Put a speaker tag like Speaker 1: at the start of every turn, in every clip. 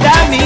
Speaker 1: That mi.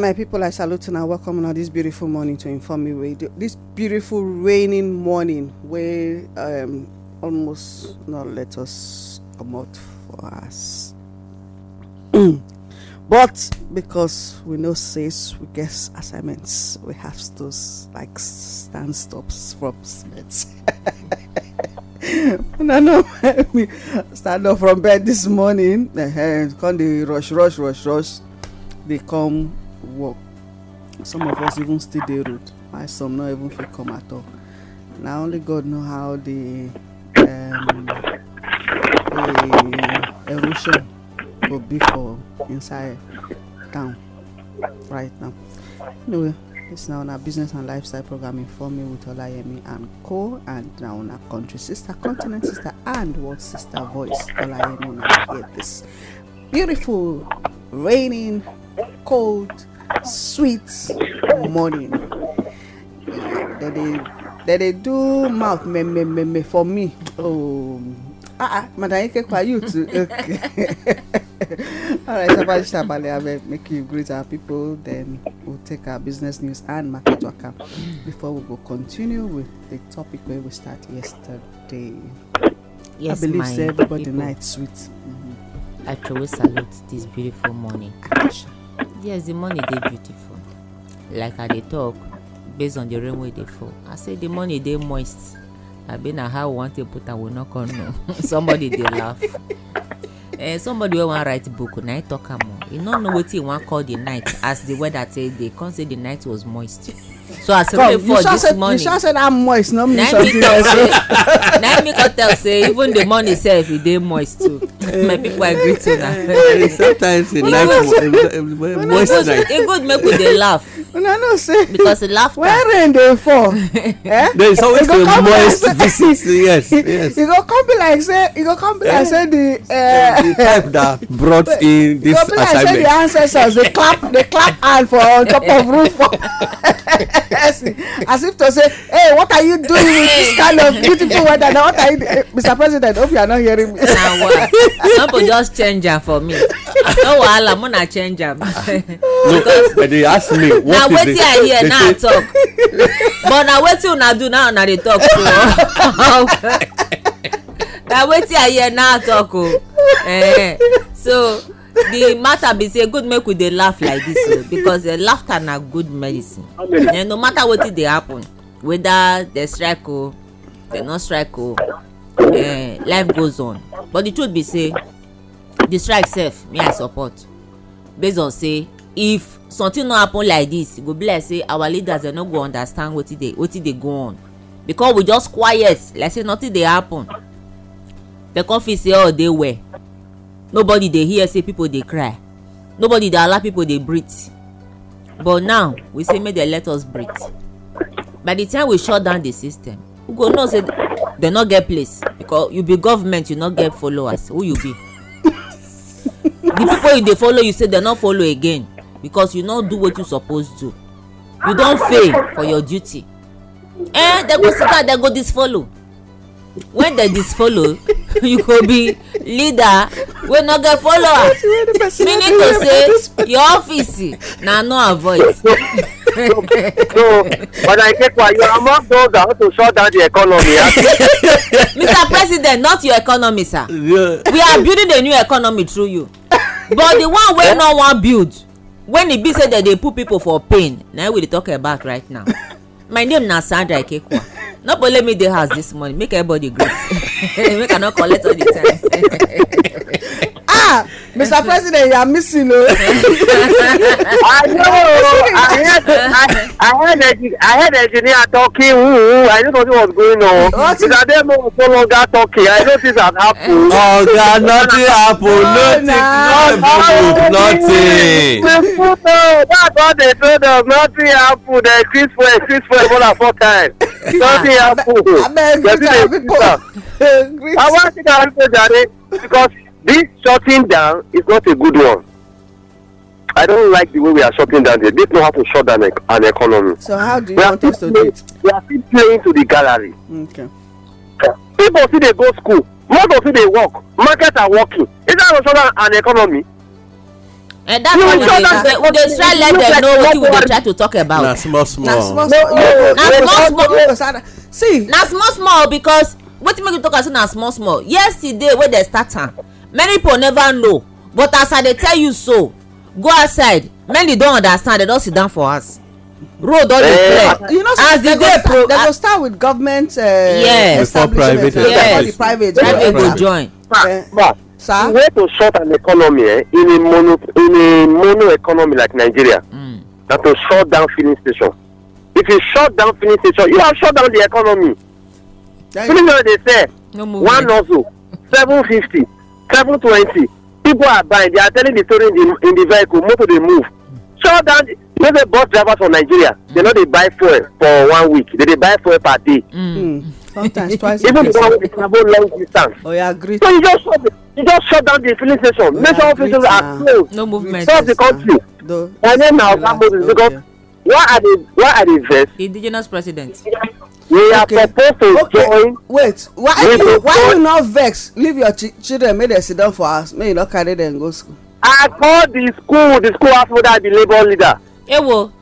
Speaker 1: my people, I salute and I welcome on this beautiful morning to Inform Me with This beautiful raining morning where um, almost not let us come out for us. but because we know says we get assignments, we have to like stand stops from bed. no, no, we stand up from bed this morning. Uh, can they rush, rush, rush, rush? They come work some of us even still the road why some not even fit come at all Now only god know how the um, the erosion will be for inside town right now anyway this on our business and lifestyle program Informing me with olayemi and co and on our country sister continent sister and world sister voice olayemi una this beautiful raining cold, sweet morning. That they, that they do mouth me, me, me, me for me. Oh, ah, ah, madam, you too. All right, Shabali Shabali, I eh, make you greet our people. Then we'll take our business news and market to before we go continue with the topic where we start yesterday.
Speaker 2: Yes, I believe everybody night
Speaker 1: sweet. Mm-hmm.
Speaker 2: I truly salute this beautiful morning. Action. yes the money dey beautiful like i dey talk based on the rain wey dey fall i say the money dey moist abi na how we wan take put am we no come know somebody dey laugh uh, somebody wey wan write book na e talk am o e no know wetin e wan call the night as the weather take dey e come say the night was moist so as rain fall this say, morning you sure
Speaker 1: say that moist no mean something else
Speaker 2: na me come tell say even the morning sef e dey moist too my people agree to na. sometimes e like moist night. e good make we dey laugh
Speaker 1: una know say because laughter when rain dey fall eh there is always a moist
Speaker 3: visit yes yes
Speaker 1: e go come be like say e go come be like eh? say the uh, the type
Speaker 3: that brought in this assignment e go be like say the
Speaker 1: ancestors dey clap dey clap hand for on top of roof. as if to say hey what are you doing with this kind of beautiful weather now what are you doing eh, mr president hope you are not hearing me. na
Speaker 2: wa somebody just change am for me no wahala mo na change am. no
Speaker 3: but they ask me
Speaker 4: what is the na wetin i hear now i
Speaker 2: talk but na wetin una do now una dey talk so na wetin i hear now i talk o oh. eh so the matter be say good make we dey laugh like this o oh, because uh, laughter na good medicine uh, no matter wetin dey happen whether dem strike o oh, dem no strike o uh, eh, life goes on but the truth be say the strike sef me i support based on say if something no happen like this e go be like say our leaders dem no go understand wetin dey wetin dey go on because we just quiet like say nothing dey happen dem come feel say all oh, dey well nobody dey hear say people dey cry nobody dey allow people dey breathe but now we say make dem let us breathe by the time we shut down the system we go know say dem no get place because you be government you no get followers who you be the people you dey follow you say dem no follow again because you no do wetin you suppose do
Speaker 1: you don fail
Speaker 2: for your duty eh dem go sit down dem go disfollow when dem disfollow you go be leader wey no get follower meaning to say your office na no avoid. so
Speaker 4: so but i take one you are among those that want to shut down the economy.
Speaker 2: mr president not your economy sir yeah. we are building a new economy through you but the one wey no wan build when e be say dem dey put people for pain na we dey talk about right now my name na sandra ikekwa not only me dey house this morning make everybody greet make i no collect all the time. ah
Speaker 1: mr president you are missing o. Oh. i know i heard
Speaker 4: i heard i heard engineer talking woo woo i no know what was going on Because is that mo no longer talking i know things have happened. oga nothing happen nothing nothing nothing. that's what they told us nothing happen dem crisp well crisp well more than four times lórí apò pẹ̀lú èyí sísà àwọn akíkà arúgbó jàre because this shutting down is not a good one. I don't like the way we are shutting down there. They know how to shut down an, an economy.
Speaker 1: So how do you we want us to do it? We are still playing to the gallery. Okay.
Speaker 4: People see they go school. Most of them they work. Markets are working. Is that not an economy?
Speaker 2: and that's why we dey we dey try let dem know wetin we dey try to talk about. na small small na small small see na small small because wetin make you talk am say na small small yesterday wey dem start am many people never know but as i dey tell you so go outside many don understand dem don sit down for house road don dey eh, clear you know as the day pro dem go start with government uh, yes. before private, yes. Eh, private go join.
Speaker 1: Sir? Way to short
Speaker 4: an economy eh, in a mono in a mono economy like Nigeria. Mm. That to shut down filling station. If you shut down filling station, you have shut down the economy. Thank you know what they say? No One also, seven fifty, seven twenty. People are buying. They are telling the story in the, in the vehicle. Motor they move. Shut down. The, you know the bus drivers from Nigeria. Mm. They hmm. know they buy fuel for one week. They, they buy fuel per day.
Speaker 1: Mm. Mm sometimes twice even the one wey
Speaker 4: travel long distance oh, yeah, agree. so you just shut the, you just shut down the filling station
Speaker 2: Make major offices are closed no movement stop the country no, and then now oga moses because why are they why are they vex. indigenous president. we are okay. supposed to okay. join.
Speaker 1: wait why you why you not vex leave your ch children make dem sit down for us. May you not carry dem go school. i call the school the school after
Speaker 4: that the labor
Speaker 1: leader. leader.
Speaker 2: ewo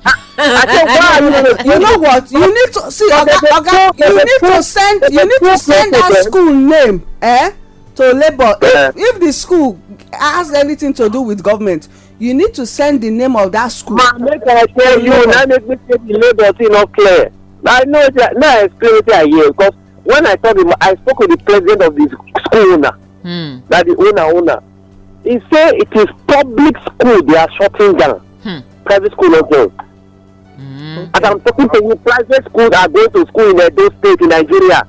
Speaker 2: you know what you need to see oga oga you need to
Speaker 4: send you need to send that school
Speaker 1: name eh to labour if if the school has anything to do with government you need to send the name of that school. ma make i tell you na make me say the labour thing no clear i know that now i explain wetin i hear because
Speaker 4: when i talk with i spoke with the president of the school owner. Hmm. na the owner owner he say it is public school they are shutting down. Hmm. private school no join. Mm. As I'm talking to you, private schools are going to school in Edo State in Nigeria.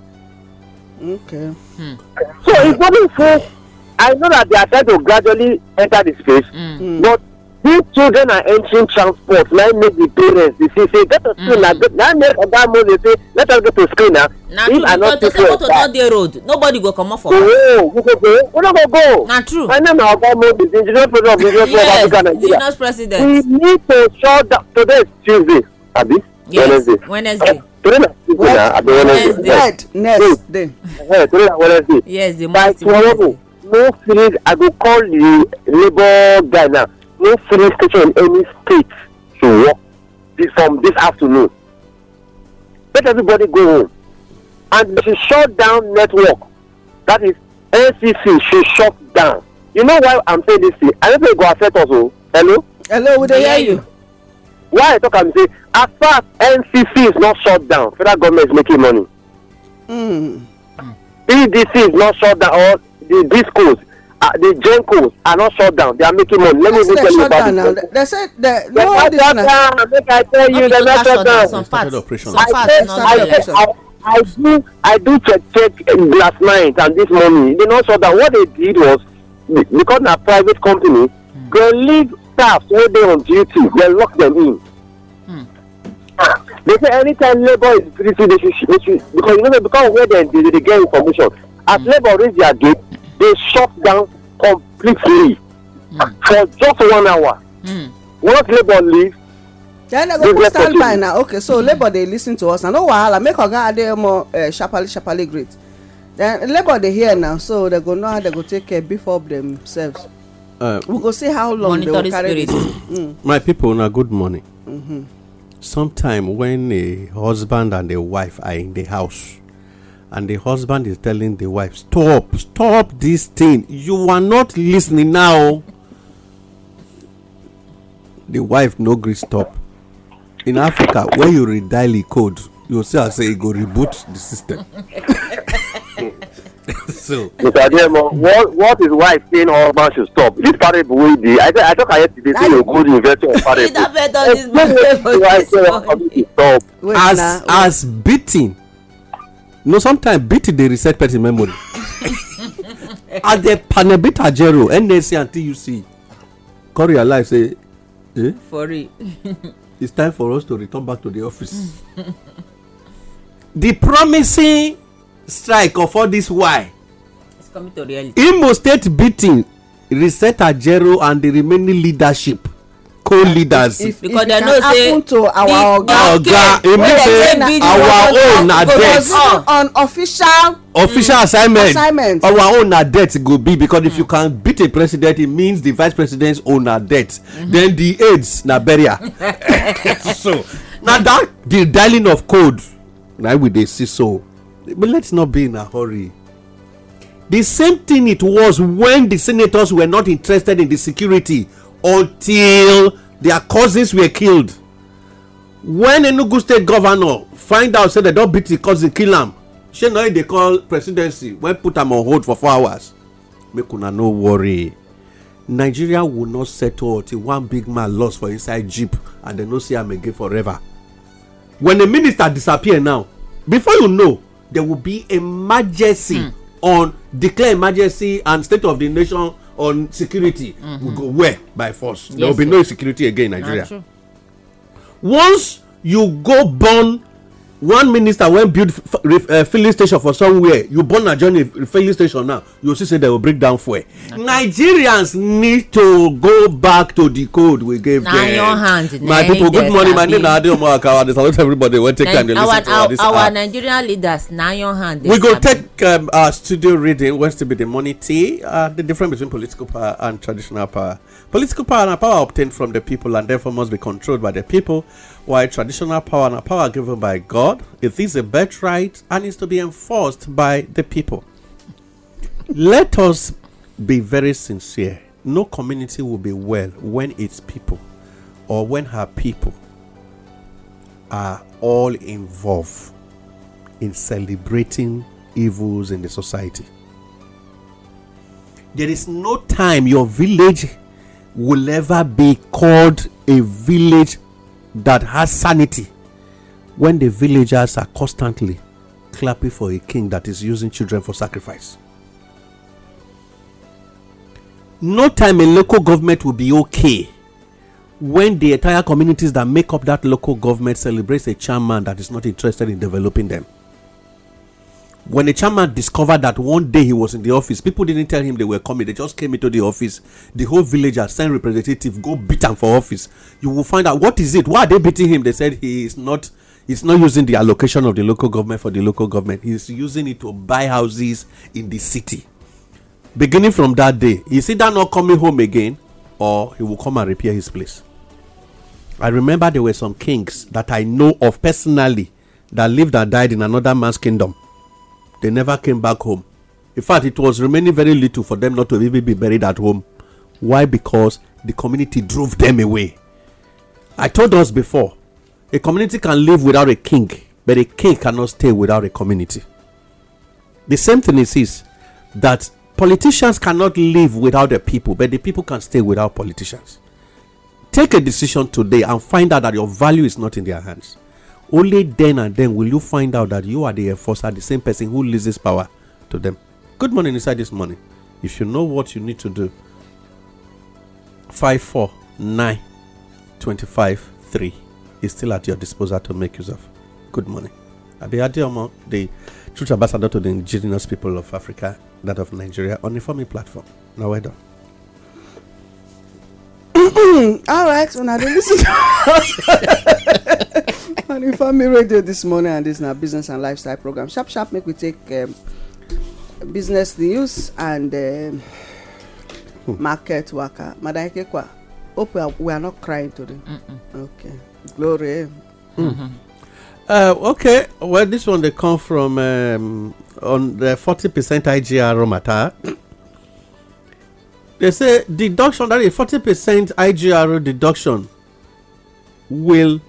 Speaker 1: Okay. Hmm.
Speaker 4: So it's only for I know that they are trying to gradually enter the space, mm. but these children are entering transport Let me the parents dey say say get to school na go hmm. na make oga mo dey say let us go to school now. na true because to say motor no
Speaker 2: road nobody go come for am. ooo
Speaker 4: we go go we no go go. na true my name is oga mo be the engineer president of the university of africa nigeria. yes vice president. we need to shut down
Speaker 2: today is tuesday Ah, Abi wednesday wednesday torí náà tuntun náà àbí wednesday third next day torí náà wednesday yes the most by tomorrow no finish i go
Speaker 4: call the labour guy now no finish station any state to work from this afternoon let everybody go home and she shut down network that is ncc she shut down you know why i'm saying this thing i don't think e go affect us o oh. hello. hello we dey hear you why i talk am say as far as ncc is not shut down federal government is making money mm. is not shut down or the discos uh, the gencos are not shut down they are making money let yes, me tell you about now. this
Speaker 1: they say they no they shut uh, make i tell you the not shut down some
Speaker 4: parts some parts
Speaker 1: I do
Speaker 4: I do check check last night and this morning. They not shut down. What they did was because na private company, mm. they leave staff wey dey on duty dem lock dem in. Mm. they say anytime labour is duty they should they should because you know say because of where dem dey dey get information as mm. labour raise their gate they shut down completely mm. for just one hour. Mm. once labour leave
Speaker 1: then dem go put stand by now okay so -hmm. labour dey lis ten to us na no wahala make oga adeyemo uh, eh, sharparly sharparly great then labour dey hear now so they go know how they go take care beef up themselves. Uh, we go see how long they will carry mm.
Speaker 3: My people, now good morning. Mm-hmm. Sometime when a husband and a wife are in the house, and the husband is telling the wife, "Stop, stop this thing. You are not listening now." the wife no gree stop. In Africa, when you redial the code, you see, I say, e "Go reboot the system."
Speaker 4: so mr adeomo what what is wife saying husband should stop this parable will be. i i talk am yesterday say you go good investor of parable explain say stop as na,
Speaker 3: as beating no sometimes beating dey reset person memory as dem panabit ajero nsa and tuc come life say eh for it. it's time for us to return back to the office the promising strike of all this why imo state beating reset jero and the remaining leadership co-leaders. if,
Speaker 1: if it can happen to our oga oga e mean say our own na debt. go on official. official mm, assignment assignment our own
Speaker 3: na debt go be because mm. if you can beat a president it means the vice president's own na debt mm -hmm. then the aides na burial. so na that the dialing of code na we dey see so but let's not be in a hurry. The same thing it was when the senators were not interested in the security until their cousins were killed. When Enugu state governor find out say they don't beat the cousin kill him. She know they call presidency When put am on hold for four hours. Make una no worry. Nigeria will not settle till one big man lost for inside jeep and they no see him again forever. When a minister disappear now, before you know, there will be emergency mm. on declare emergency and state of the nation on security mm -hmm. will go where by force yes, there will be no security again in nigeria ah, once you go burn one minister when build uh, filling station for somewhere you born na journey filling station now you see say dem go break down fuel okay. nigerians need to go back to the code we gave na your hand, my people good morning my name na adeomo akawa dey salute everybody wey take time dey lis ten to our, this our our
Speaker 2: nigerian leaders na your hand. we go
Speaker 3: take um, our studio reading wey still be the money tea uh, the difference between political power and traditional power political power na power obtained from the people and therefore must be controlled by the people while traditional power na power given by god. God, it is a birthright and is to be enforced by the people. Let us be very sincere. No community will be well when its people or when her people are all involved in celebrating evils in the society. There is no time your village will ever be called a village that has sanity when the villagers are constantly clapping for a king that is using children for sacrifice. No time a local government will be okay when the entire communities that make up that local government celebrates a chairman that is not interested in developing them. When a chairman discovered that one day he was in the office, people didn't tell him they were coming, they just came into the office. The whole village had sent representative, go beat him for office. You will find out what is it? Why are they beating him? They said he is not He's not using the allocation of the local government for the local government. He's using it to buy houses in the city. Beginning from that day, he either not coming home again or he will come and repair his place. I remember there were some kings that I know of personally that lived and died in another man's kingdom. They never came back home. In fact, it was remaining very little for them not to even be buried at home. Why? Because the community drove them away. I told us before a community can live without a king, but a king cannot stay without a community. The same thing is, this that politicians cannot live without the people, but the people can stay without politicians. Take a decision today and find out that your value is not in their hands. Only then and then will you find out that you are the enforcer, the same person who loses power to them. Good morning, inside this morning. If you know what you need to do, 549 25 3 is still at your disposal to make use of. Good morning. Abiyadi Omo, the Truth Ambassador to the Indigenous People of Africa, that of Nigeria, on the Informing platform. Now, well done.
Speaker 1: All right, when I did listen to on Informing Radio this morning, and this is our business and lifestyle program. Sharp, sharp, make we take um, business news and um, hmm. market worker. Madam Ikekwa, hope we are, we are not crying today. Mm-mm. Okay. Glory. Mm. hmm
Speaker 3: Uh, okay, well, this one they come from um, on the forty percent IGR matter. they say deduction that a forty percent IGR deduction will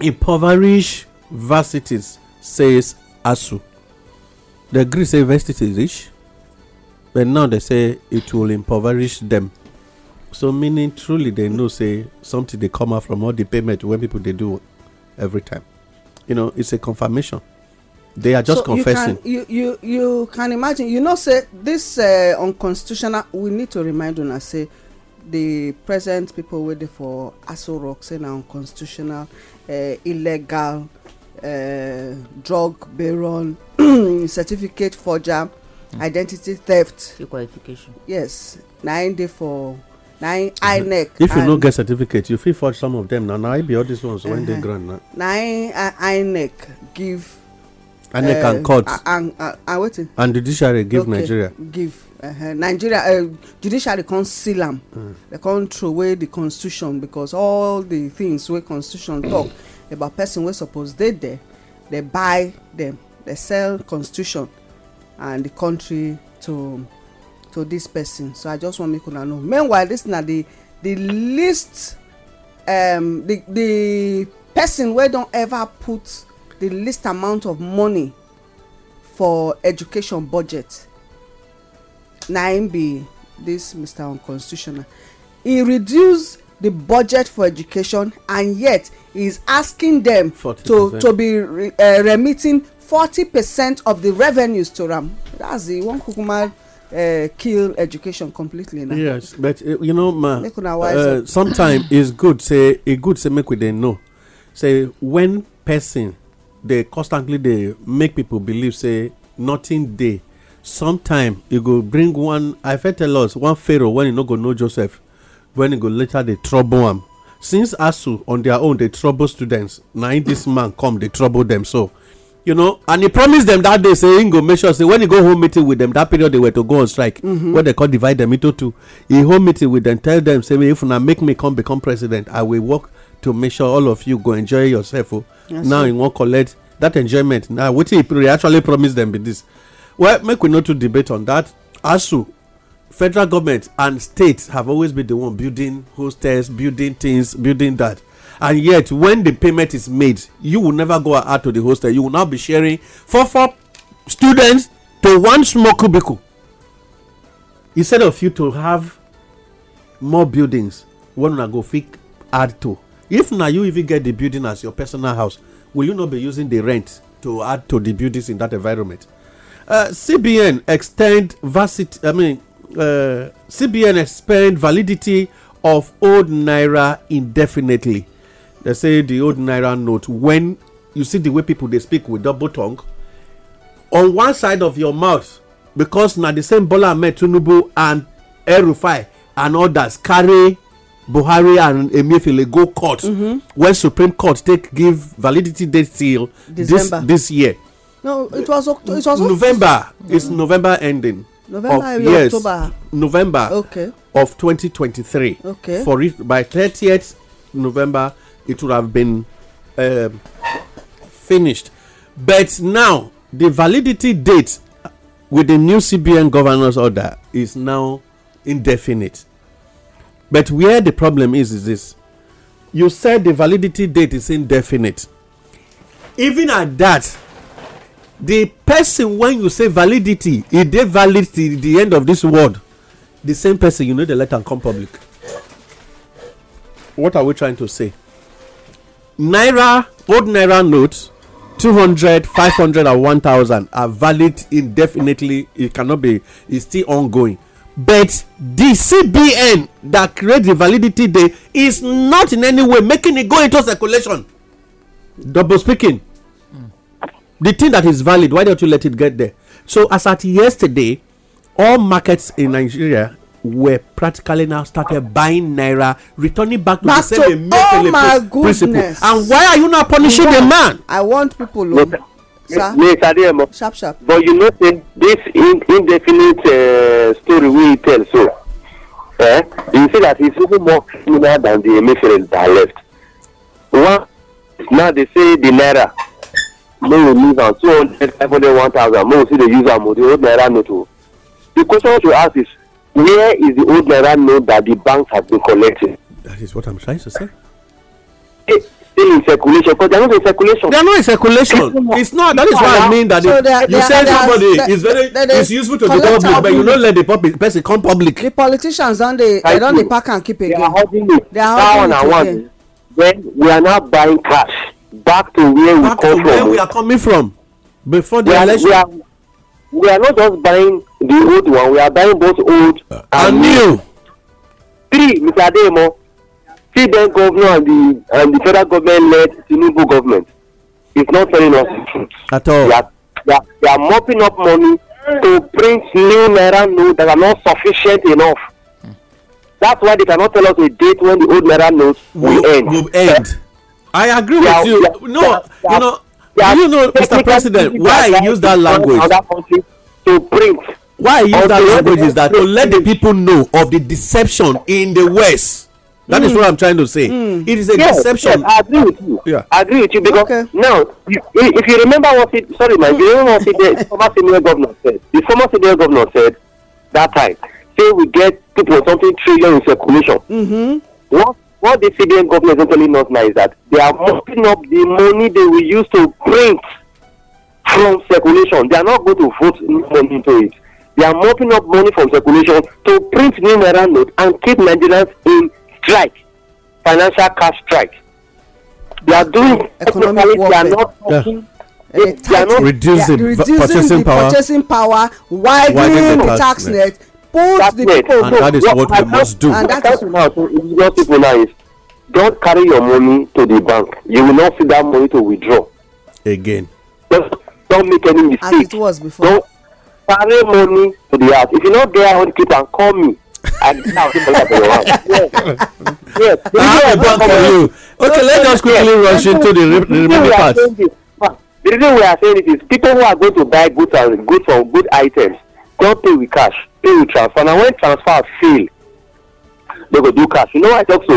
Speaker 3: impoverish varsities, says ASU. The agree say varsity rich, but now they say it will impoverish them. So meaning truly they know say something they come out from all the payment when people they do every time. You know, it's a confirmation. They are just so confessing.
Speaker 1: You, can, you, you you can imagine. You know, say this uh, unconstitutional. We need to remind una say the present people waiting for Aso Rock unconstitutional, uh, illegal, uh, drug baron, certificate forger, mm. identity theft. Qualification. Yes, nine day for na inec e if you no get
Speaker 3: certificate you fit forge some of them. na na be all these ones when dey uh-huh. ground na
Speaker 1: na inec uh, e give inec uh, and court and uh, wetin
Speaker 3: and judiciary give nigeria
Speaker 1: give uh-huh. nigeria judiciary con seal am dem con throw away di constitution because all di things wey constitution talk about person wey suppose dey there dey buy dem dey sell constitution and di country to to this person so i just wan make una know meanwhile dis na the the least um, the the person wey don ever put the least amount of money for education budget na him be this mr unconstitutional he reduce the budget for education and yet he is asking them to to be re, uh, remitting forty percent of the revenues to am that's the one kukuma uh, kill education completely now.
Speaker 3: yes but uh, you know ma uh, sometimes it's good say e good say make we dey know say when person dey constantly dey make people believe say nothing dey sometimes e go bring one i fit tell us one pharaoh when e no go know joseph when e go later dey trouble am since asu on their own dey trouble students na im this man come dey trouble them so you know and he promised them that day say him go make sure say when he go home meeting with them, that period they were to go on strike mm-hmm. wey they call divide dem into two he home meeting with them, tell them, say if una make me come become president i will work to make sure all of you go enjoy yourself o oh. now he wan collect that enjoyment Now, wetin he actually promise them be this? well make we no too debate on that. asu federal government and states have always been the one building hostels building things building that and yet when the payment is made you will never go out to the hostel you will now be sharing four four students to one small cubicle instead of you to have more buildings wey una go fit add to if na you even get the building as your personal house will you not be using the rent to add to the buildings in that environment uh, cbn extend varsity i mean uh, cbn expand validity of old naira indefinitely they say the old naira note when you see the way people dey speak with double tongue on one side of your mouth because na the same bola ahmed tinubu and erufai and others carry buhari and emefiele go court mm -hmm. when supreme court take give validity date till this this year.
Speaker 1: no it was october it
Speaker 3: was november mm. it's november ending.
Speaker 1: november of, yes, october november okay.
Speaker 3: of 2023. okay for it by 30th november it would have been uh, finished. But now the validity date with the new CBN governance order is now indefinite. But where the problem is is this. You said the validity date is indefinite. Even at that, the person when you say validity, if they validity the end of this word, the same person you know the letter and come public. What are we trying to say? naira old naira notes five hundred, and one thousand are valid indefinitely it cannot be it's still ongoing but the cbn that create the validity day is not in any way making it go into circulation double speaking mm. the thing that is valid why don't you let it get there so as at yesterday all markets in nigeria were practically now started buying naira returning back to back the same to, oh principle and why are you not
Speaker 1: punishing the man. i want people o. sir.
Speaker 3: Mr. Sharp sharp.
Speaker 4: But you know say this in, indefinite uh, story we tell so eh, you see that it's even more criminal than the emefiele that left. One now they say the naira may we leave am two hundred five hundred one thousand may see the user am the old naira note The question to ask is where is the old naira note that the banks have been collecting?
Speaker 3: That is what I'm trying to say. It, eh, still in circulation because there are not circulation. There are not circulation. It's not. That is why I mean that so they, you they, send somebody that, is very that is useful to the public, but you don't let the public person come public. The
Speaker 1: politicians don't they, they don't they pack and keep again. They are holding it. They are holding it one again.
Speaker 3: Then we are now buying
Speaker 4: cash back to where back we come from. Back to where we are
Speaker 3: coming from
Speaker 4: before the election we are not just buying the old one we are buying both old uh, and, new. three mr Ademo, see then governor and the and the federal government led tinubu government is not telling us the truth. at all they are, they are, they are mopping up money to print new naira notes that are not sufficient enough.
Speaker 3: that's why they cannot tell us a date when the old naira notes will, will end. will end. I agree with you. Yeah, no, yeah, you know, do you know mr president why i use that language to bring why i use that language is that to let the people know of the deception in the west that mm. is what i'm trying to say mm. it is a yes, deception yes, i agree with you yeah. i agree with you because okay. now you, if you remember what it sorry man you remember what it, the former
Speaker 4: senior governor said the former senior governor said that time say we get two something trillion in circulation mm-hmm. once what the CBN government is telling us now is that they are mopping oh. up the money they will use to print from circulation. They are not going to vote money into it. They are mopping up money from circulation to print new naira note and keep Nigerians in strike, financial cash strike. They
Speaker 1: are doing economic warfare. They are not talking. Yeah. They, they are not reducing, reducing purchasing the power, purchasing power widening, widening the tax, tax net, net put the people and that is what, what we must do and that is now
Speaker 4: your people now is don't carry your money to the bank you will not see that money to withdraw again just don't make any mistake as it was before don't carry money to the house if you no get how to keep am call me and now people are your house yes yes i have a you okay let us quickly rush into the remaining part the reason we are saying it is people who are going to buy goods and goods or good items don't pay with cash pay with transfer na when transfer fail dem go do cash you know why i talk so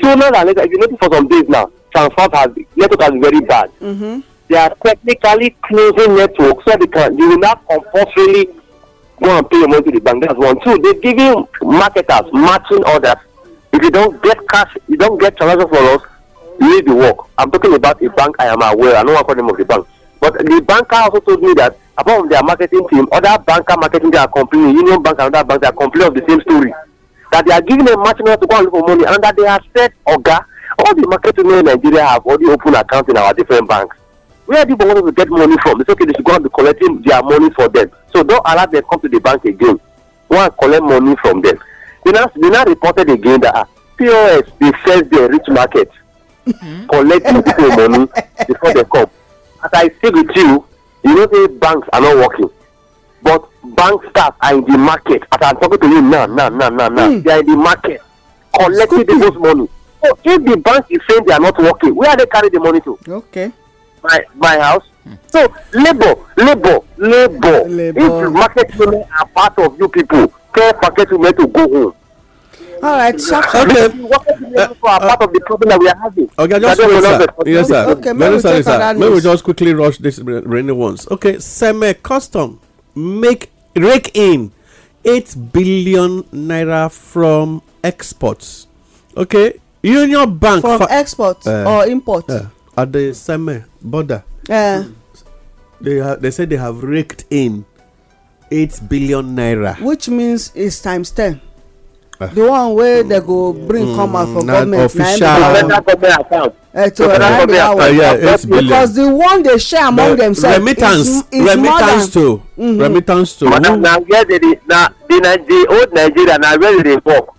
Speaker 4: sooner than later if you notice for some days now transfer has network has been very bad. Mm -hmm. they are technically closing network so they can they will not compulsorily go and pay your money to the bank that's one two they giving marketers matching orders if you don't get cash you don't get transfer for us you need to work i'm talking about a bank i am aware i know one call name of the bank but the banker also told me that apart from their marketing team other banker marketing they are complaining union bank and other banks they are complaining of the same story that they are giving a match money to go and look for money and that they have said oga all the market women in nigeria have already opened accounts in our different banks where do people want to get money from it's okay they should go and be collecting their money for them so don't allow them come to the bank again go and collect money from them they now they now reported again that ah, pos dey first dey reach market mm-hmm. collecting people money before they come as i speak with you you know say banks are not working but bank staff are in the market as i'm talking to you now now now now now mm. they are in the market collecting people's money so if the bank is saying they are not working where are they carry the money to. okay. my my house. Hmm. so labour labour labour if market women are part of you people tell market women to go home
Speaker 3: All right, sharp, Okay. Okay, just wait, sir. Yes, sir. Okay, maybe, sorry, sir. maybe we just quickly rush this rainy ones. Okay, semi custom make rake in 8 billion naira from exports. Okay, Union Bank from fa- exports uh, or import uh, eh, at the same border. Uh, they ha- they said they have raked in 8 billion naira,
Speaker 1: which means it's times 10. Ah. the one wey dem go mm, bring mm, come out for government na im be our one account. na im be our one because the one dey share among themselves is, is remittance more than to,
Speaker 4: remittance to madam na where dey dey na the old nigeria na where dey dey work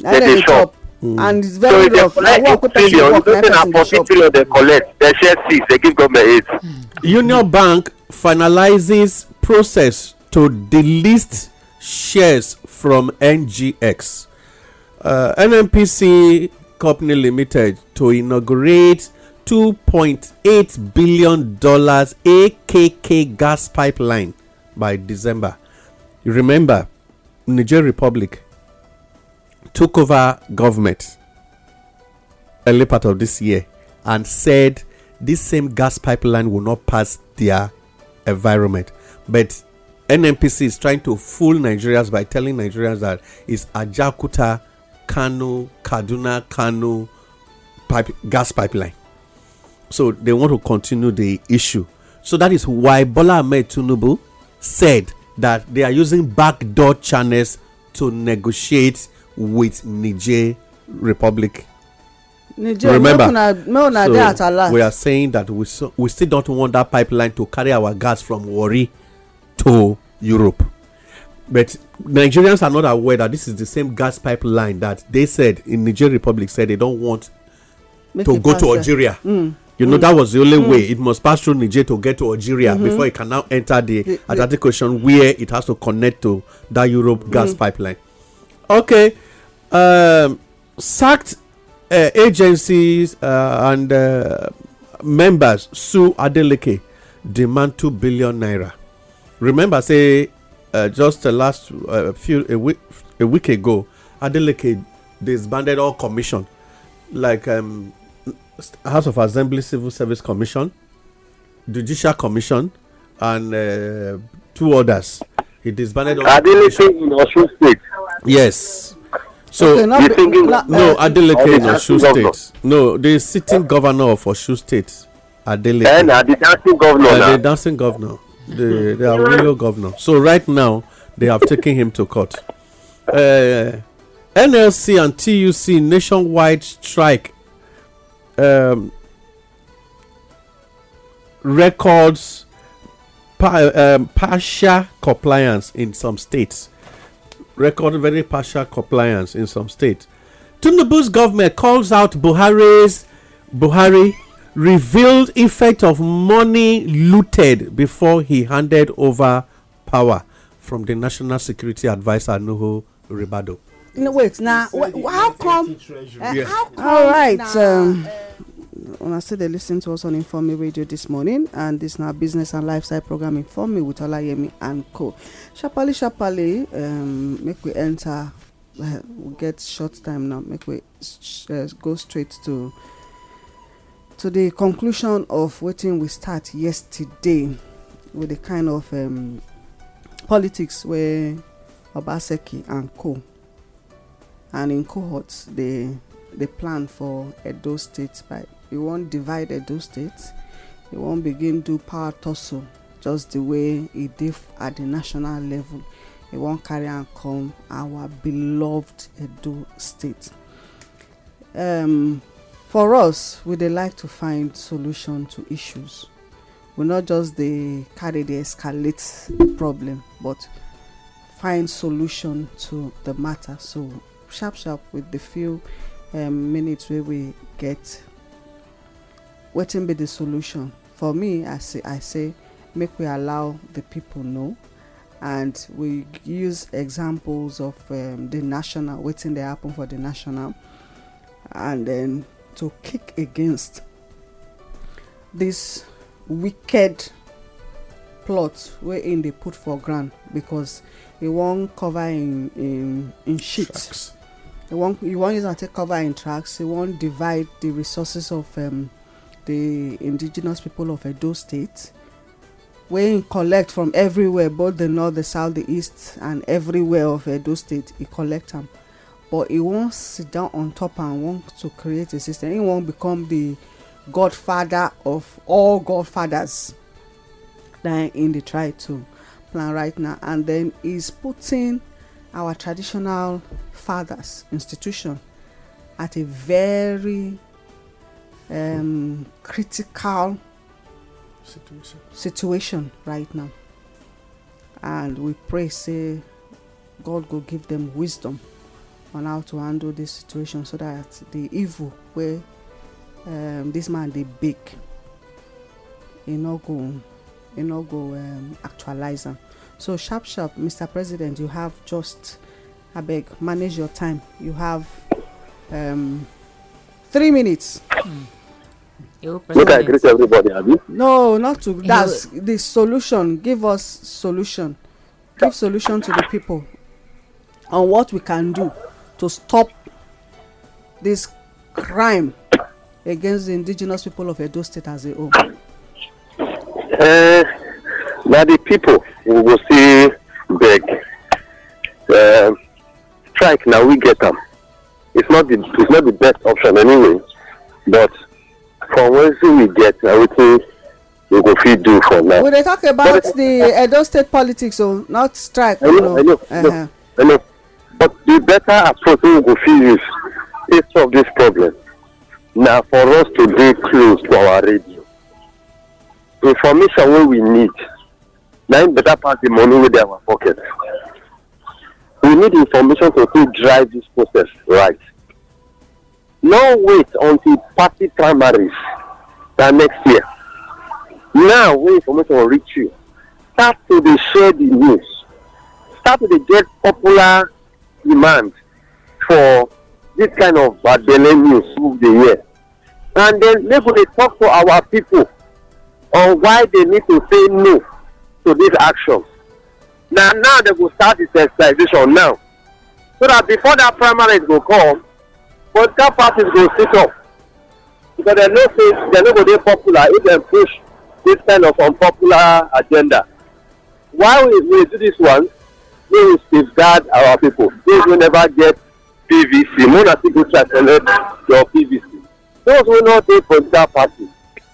Speaker 1: dey dey shop mm. and it's very rough so if dem collect eight billion you know say
Speaker 4: na forty billion dem
Speaker 3: collect dem share six dem give government eight. union bank finalizes process to delist shares from NGX. Uh, NMPC Company Limited to inaugurate $2.8 billion AKK gas pipeline by December. You remember, Niger Republic took over government early part of this year and said this same gas pipeline will not pass their environment. But NNPC is trying to fool Nigerians by telling Nigerians that it's Ajakuta, Kano, Kaduna, Kano pipe, gas pipeline. So they want to continue the issue. So that is why Bola Ahmed said that they are using backdoor channels to negotiate with Niger Republic.
Speaker 1: Niger, Remember, no, no, no, so we are
Speaker 3: saying that we so, we still don't want that pipeline to carry our gas from Wari to Europe. But Nigerians are not aware that this is the same gas pipeline that they said in Nigeria Republic said they don't want
Speaker 4: Make to go to Algeria.
Speaker 3: Mm. You mm. know that was the only mm. way it must pass through Niger to get to Algeria -hmm. before it can now enter the, the Atlantic Ocean where it has to connect to that Europe mm. gas pipeline. Okay, um, sacked uh, agencies uh, and uh, members sue Adeleke demand two billion naira. remember say uh, just last uh, few a week a week ago adeleke disbanded all commission like um, house of assembly civil service commission judicial commission and uh, two others he disbanded all adeleke in osun state. yes so okay, you thinking no uh, adeleke in osun state no the sitting governor of osun state adeleke and na the dancing governor na the dancing governor They, hmm. they are real governor. So right now they have taken him to court. Uh, NLC and TUC nationwide strike um, records pa- um, partial compliance in some states. Record very partial compliance in some states. Tinubu's government calls out Buhari's Buhari revealed effect of money looted before he handed over power from the National Security Advisor Nuhu Ribado.
Speaker 1: No, wait, now, how come? Uh, yes. how come? All right. um, when eh, I said they listened to us on Inform Me Radio this morning, and this now business and lifestyle program Inform Me with Olayemi and Co. Shapali, Shapali, um, make we enter. Uh, we get short time now. Make we sh- uh, go straight to to the conclusion of wetin we start yesterday with the kind of um, politics wey obaseki and co and im cohorts dey dey plan for edo state by e wan divide edo state e wan begin do power tussle just the way e dey at the national level e wan carry am come our beloved edo state. Um, for us we dey like to find solution to issues we no just dey carry dey escalate problem but find solution to the matter so sharp sharp with the few um, minutes wey we get wetin be the solution for me i say i say make we allow the people know and we use examples of um, the national wetin dey happen for the national and then to kick against this wicked plot wherein they put for grant, because won't cover in im im won't wan won't use am take cover in tracks won't divide the resources of um, the indigenous people of edo state wey collect from everywhere both the north the south the east and everywhere of edo state he collect them. Um, but he wan sit down on top and want to create a system he wan become the godfather of all godfathers that in dey try to plan right now and then he's putting our traditional fathers institution at a very um, critical situation. situation right now and we pray say god go give them wisdom on how to handle this situation so that the evil wey um, this man dey bake e no go e no go um, actualize am so sharp sharp mr president you have just abeg manage your time you have um, three minutes. Mm. Make I greet
Speaker 4: everybody, Abi.
Speaker 1: No, not to. That's the solution. Give us solution. Give solution to the people on what we can do to stop this crime against the indigenous people of Edo State as a whole?
Speaker 4: Uh, na the people we go see. beg. Uh, strike na we get am. It's not the it's not the best option anyway, but from wetin we get na wetin we go fit do for now. we dey
Speaker 1: talk about but, the edo state politics o oh, so not strike. i know i know I know.
Speaker 4: Uh-huh. But the better approach wey we go fit use to solve this problem na for us to dey close to our radio. Information wey we need na im better pass the money wey dey our pocket. We need information to fit drive this process right. No wait until party primaries na next year. Now wey information reach you, start to dey share the news. Start to dey get popular demand for this kind of badele news through the year and then make we dey talk to our people on why they need to say no to this action na now they go start the sensitization now so that before that primary go come political parties go sit up because dem know say dem no go dey popular if they push this kind of unpopular agenda Why we we do this one wey safeguard our people those wey never get pvc more than still go try select your pvc those wey not dey political party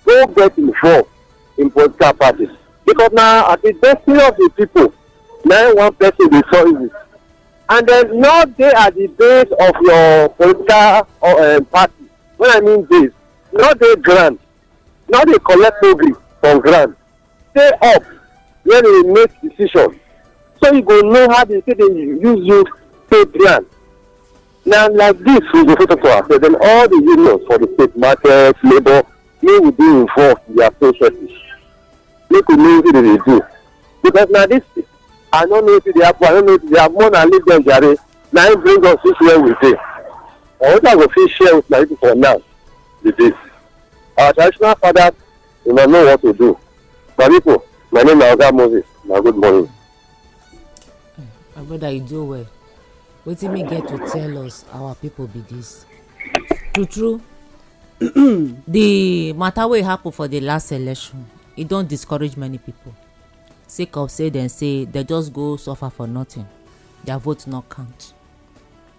Speaker 4: go get involved in political parties because now at the destiny of the people na one person dey solve it and then no they at the base of your political uh, um, party What i mean base no dey grant, no dey collect money from grant. stay up when we make decision so you go know how they say they use you pay brand na like this we go fit talk to ourselves then all the unions for the state market labour make we dey involved in their processes make we know wetin dey dey do because na this i no know wetin dey happen i no know wetin dey happen more na leave dem jare na im bring us this where we dey and wetin i go fit share with my people for now be this our traditional fathers una know what to do my people my name na oga moses na good morning.
Speaker 2: My brother, you do well. Wetin me get to tell us our people be this. True true. the matter wey happen for the last election e don discourage many people sake of say dem say dem just go suffer for nothing their vote no count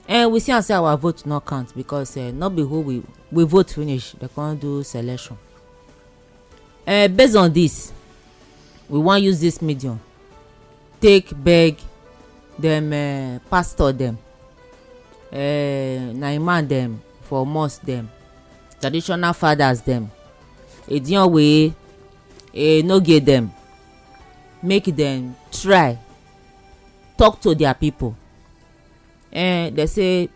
Speaker 2: And eh, we see am say our vote no count because eh, no be who we we vote finish dem come do selection eh, based on this we wan use this medium take beg dem um, pastor dem um, eh, na dem for mosque dem traditional fathers dem ediyan wey enoge dem make dem try talk to their people eh, they say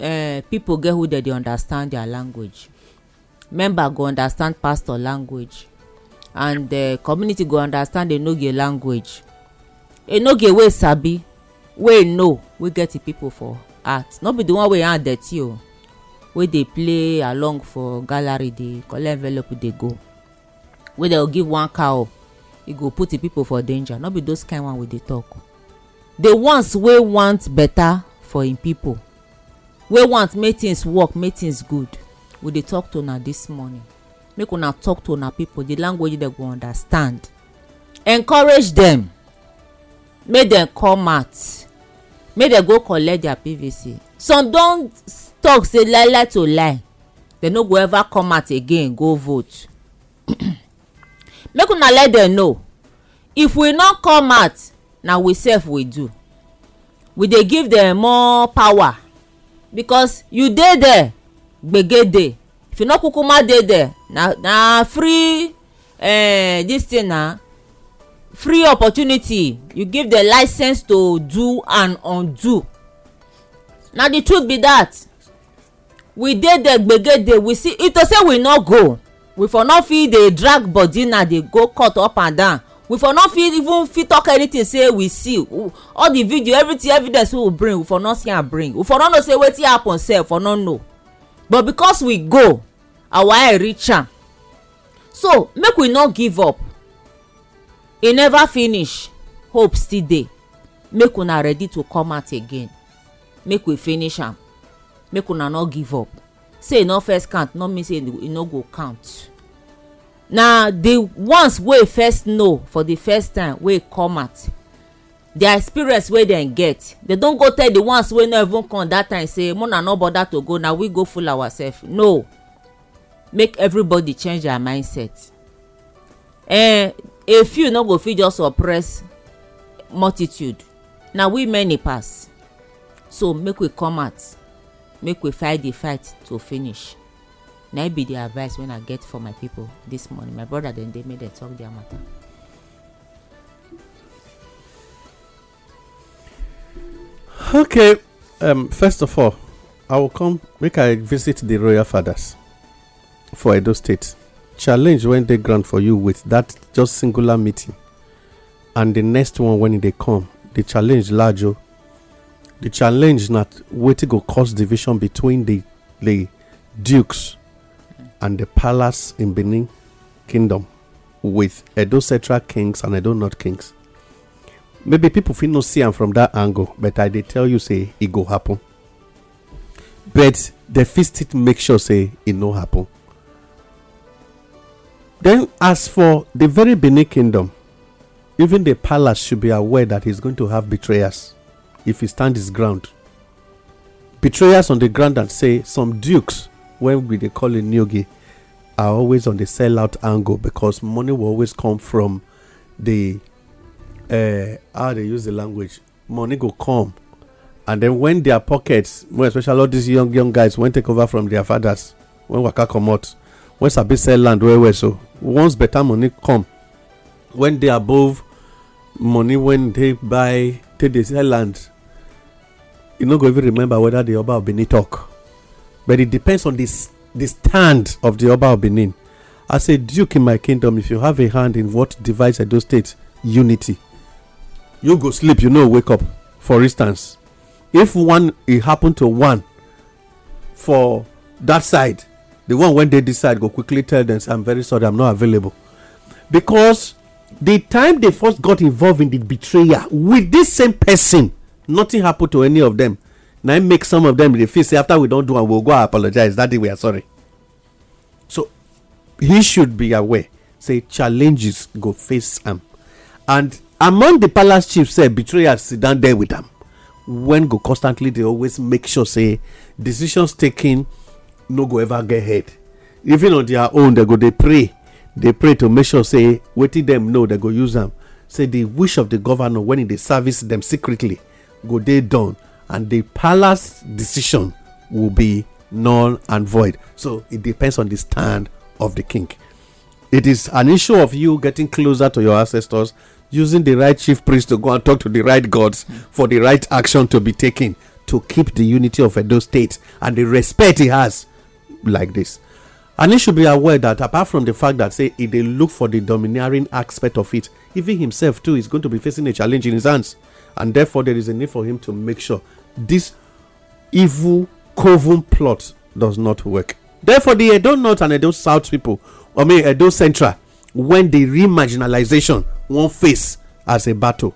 Speaker 2: eh, people get who dey dey understand their language member go understand pastor language and the community go understand enoge language E no get wey sabi wey know wey get e people for art. no be the one wey hand dirty o oh. wey dey play along for gallery dey collect envelope dey go wey dem go give one cow e go put e people for danger no be those kind one we dey talk the ones wey want better for im people, wey want make things work make things good we dey talk to una this morning make una talk to una people the language dem go understand encourage dem make dem come out make dem go collect their pvc some don talk say lie lie to lie dem no go ever come out again go vote make una let dem know if we no come out na we sef we do we dey give dem more power because you dey there gbege dey if you no kukuma dey there na na free eh, this thing na free opportunity you give the license to do and undo na the truth be that we dey there gbegede we see if to say we no go we for no fit dey drag body na dey go cut up and down we for no fit even fit talk anything say we see all the video everything evidence wey we bring we for no see am bring we for no know say wetin happen sef for no know but because we go our eye reach am so make we no give up e never finish hope still dey make una ready to come out again make we finish am make una no give up say e no first count no mean say e no go count na the ones wey first know for the first time wey come out their experience wey dem get dem don go tell the ones wey no even come that time say muna no bother to go na we go fool ourselves no make everybody change their mindset eh a few no go fit just oppress multitude na we many pass so make we come out make we fight the fight to finish na e be the advice wey i get for my people this morning my brother dem dey make dem talk their matter.
Speaker 3: okay um, first of all i will come make i visit the royal fathers for edo state challenge when they grant for you with that just singular meeting and the next one when they come the challenge larger. the challenge na wetin go cause division between the the dukes and the palace in benin kingdom with edo central kings and edo north kings maybe people feel no see am from that angle but i dey tell you say it go happen but the fist it make sure say it no happen Then, as for the very Benin kingdom, even the palace should be aware that he's going to have betrayers if he stands his ground. Betrayers on the ground and say some dukes, when we they call in Nyogi, are always on the sellout angle because money will always come from the uh, how they use the language. Money will come, and then when their pockets, more especially all these young young guys, when take over from their fathers, when waka come out, wey sabi sell land well well so once better money come when dey above money when dey buy take dey sell land you no go even remember whether the oba of benin talk but it depends on the the stand of the oba of benin as a duke in my kingdom if you have a hand in what divides edo state unity you go sleep you no wake up for instance if one e happen to one for that side the one when they decide go quickly tell them i'm very sorry i'm not available because the time they first got involved in the betrayal with this same person nothing happened to any of them now make some of them they feel say after we don't do and we'll go apologize that day we are sorry so he should be aware say challenges go face him and among the palace chiefs say betrayers sit down there with them when go constantly they always make sure say decisions taken no go ever get head even on their own they go They pray They pray to make sure say waiting them know they go use them. say the wish of the governor when they service them secretly go they done and the palace decision will be null and void so it depends on the stand of the king it is an issue of you getting closer to your ancestors using the right chief priest to go and talk to the right gods for the right action to be taken to keep the unity of Edo State and the respect he has like this and he should be aware that apart from the fact that say if they look for the domineering aspect of it even himself too is going to be facing a challenge in his hands and therefore there is a need for him to make sure this evil coven plot does not work therefore the edo north and edo south people i mean edo central when the remarginalization one face as a battle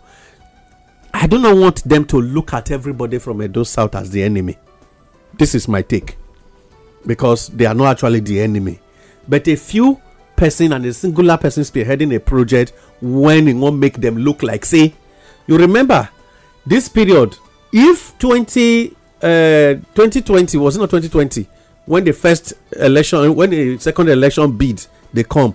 Speaker 3: i do not want them to look at everybody from edo south as the enemy this is my take because they are not actually the enemy. But a few person and a singular person spearheading a project when it won't make them look like say you remember this period if 20 uh, 2020 was not 2020 when the first election when the second election bid they come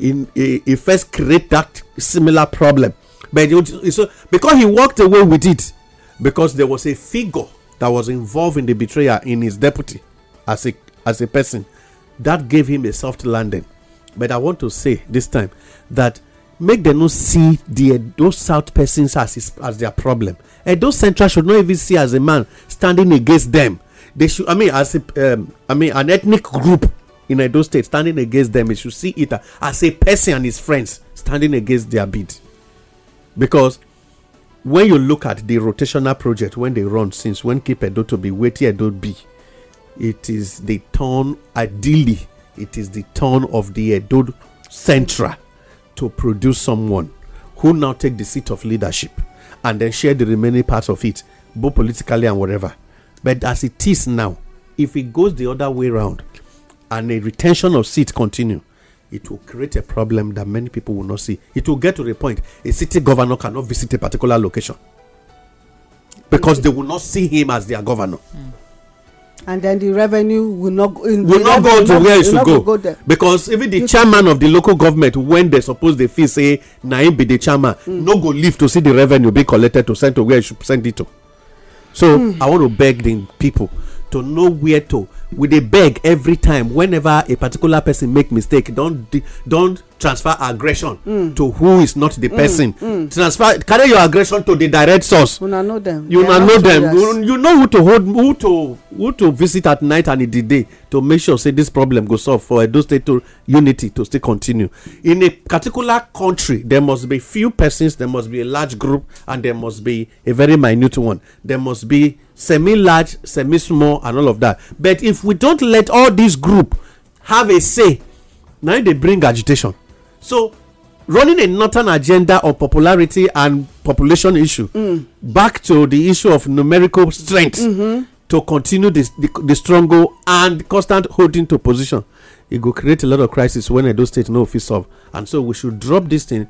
Speaker 3: in it first create that similar problem but it, so because he walked away with it because there was a figure that was involved in the betrayer in his deputy as a as a person. That gave him a soft landing. But I want to say this time that make them not see the those south persons as his, as their problem, and those central should not even see as a man standing against them. They should, I mean, as a, um, I mean, an ethnic group in Edo State standing against them. They should see it as a person and his friends standing against their bid, because when you look at the rotational project when they run since when keep Edo to be waiting Edo be it is the turn ideally it is the turn of the Edo Central to produce someone who now take the seat of leadership and then share the remaining part of it both politically and whatever but as it is now if it goes the other way around and a retention of seat continue it will create a problem that many people will not see it will get to the point a city governor cannot visit a particular location because they will not see him as their governor mm.
Speaker 1: and then the revenue will not go, will not go to where it should go, go
Speaker 3: because even the you chairman of the local government when they suppose they feel say na him be the chairman mm. no go leave to see the revenue be collected to send to where he should send it to so mm. i want to beg the people to know where to we dey beg every time whenever a particular person make mistake don don transfer aggression mm. to who is not the mm, person mm. transfer carry your aggression to the direct source una know dem you know dem you know who to hold who to who to visit at night and in the day to make sure say this problem go solve for edo state to unity to still continue in a particular country there must be few persons there must be a large group and there must be a very minute one there must be semi-large semi-small and all of that but if we don't let all this group have a say na they bring agitation so running a northern agenda of popularity and population issue mm. back to the issue of numerical strength mm-hmm. to continue this, the, the struggle and constant holding to position it go create a lot of crisis when edo state no fit solve and so we should drop this thing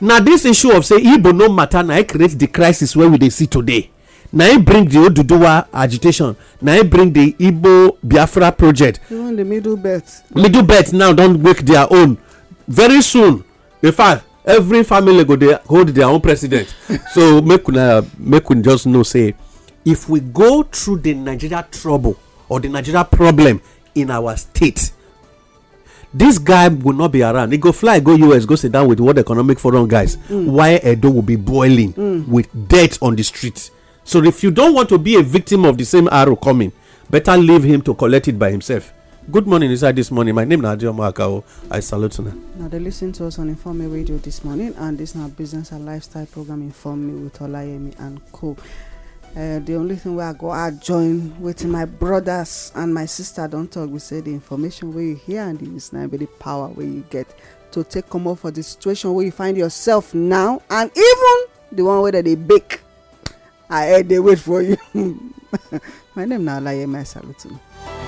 Speaker 3: now this issue of say igbo no matter na create the crisis wey we dey see today na im bring the oduduwa agitation na im bring the igbo biafra project
Speaker 1: even the middle belt
Speaker 3: middle belt now don make their own very soon in fact every family go dey hold their own president so make una make we just know say if we go through the nigeria trouble or the nigeria problem in our state this guy go not be around He go fly go us go sit down with world economic forum guys mm. while edo will be boiling mm. with debt on the streets. So if you don't want to be a victim of the same arrow coming, better leave him to collect it by himself. Good morning, inside this morning. My name is Nadia Makao. I salute you.
Speaker 1: Now they listen to us on Inform Radio this morning, and this is our business and lifestyle program Inform with Olayemi and Co. Uh, the only thing where I go, I join with my brothers and my sister. Don't talk. We say the information where you hear and this now but the power where you get to take come up for the situation where you find yourself now, and even the one where they bake i dey wait for you my name na alaye my salute.